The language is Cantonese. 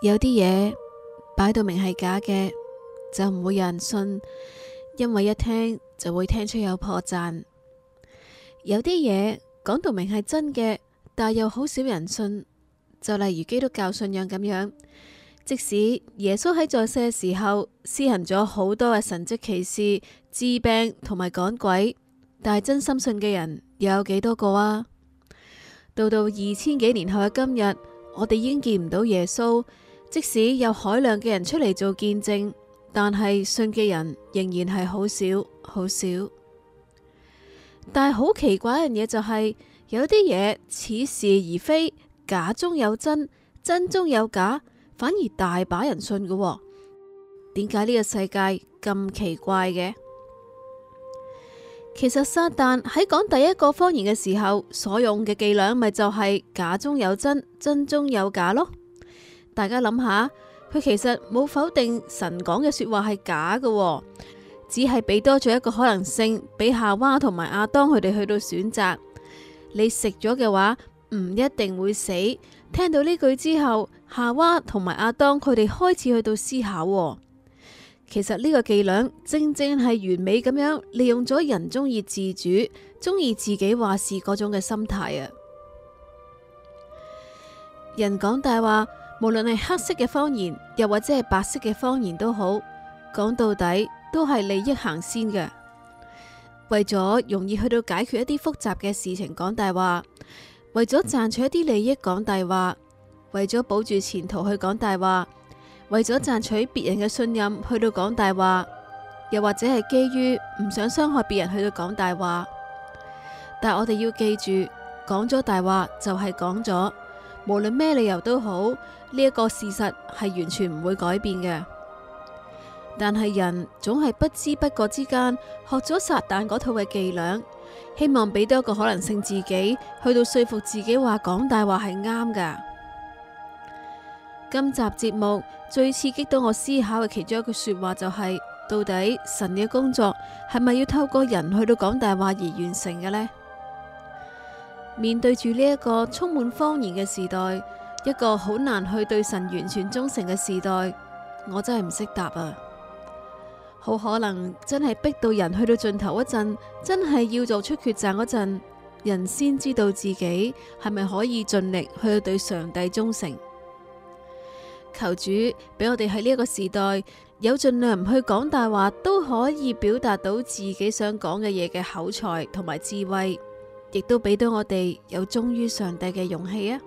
有啲嘢擺到明係假嘅，就唔會有人信，因為一聽就會聽出有破綻。有啲嘢講到明係真嘅，但又好少人信，就例如基督教信仰咁樣。即使耶穌喺在世嘅時候施行咗好多嘅神蹟奇事、治病同埋趕鬼，但係真心信嘅人又有幾多個啊？到到二千幾年後嘅今日，我哋已經見唔到耶穌。即使有海量嘅人出嚟做見證，但係信嘅人仍然係好少好少。但係好奇怪一樣嘢就係，有啲嘢似是而非，假中有真，真中有假，反而大把人信嘅哦。點解呢個世界咁奇怪嘅？其實撒旦喺講第一個方言嘅時候，所用嘅伎倆咪就係假中有真，真中有假咯。大家諗下，佢其實冇否定神講嘅說話係假嘅，只係俾多咗一個可能性俾夏娃同埋亞當佢哋去到選擇。你食咗嘅話唔一定會死。聽到呢句之後，夏娃同埋亞當佢哋開始去到思考。其實呢個伎倆正正係完美咁樣利用咗人中意自主、中意自己話事嗰種嘅心態啊！人講大話。無論係黑色嘅謊言，又或者係白色嘅謊言都好，講到底都係利益行先嘅。為咗容易去到解決一啲複雜嘅事情，講大話；為咗賺取一啲利益，講大話；為咗保住前途去講大話；為咗賺取別人嘅信任去到講大話；又或者係基於唔想傷害別人去到講大話。但我哋要記住，講咗大話就係講咗。無論咩理由都好，呢一個事實係完全唔會改變嘅。但係人總係不知不覺之間學咗撒旦嗰套嘅伎倆，希望俾多一個可能性自己去到說服自己話講大話係啱噶。今集節目最刺激到我思考嘅其中一句說話就係：到底神嘅工作係咪要透過人去到講大話而完成嘅呢？」面對住呢一個充滿謊言嘅時代，一個好難去對神完全忠誠嘅時代，我真係唔識答啊！好可能真係逼到人去到盡頭嗰陣，真係要做出抉擇嗰陣，人先知道自己係咪可以盡力去對上帝忠誠。求主俾我哋喺呢一個時代，有盡量唔去講大話，都可以表達到自己想講嘅嘢嘅口才同埋智慧。亦都俾到我哋有忠於上帝嘅勇氣啊！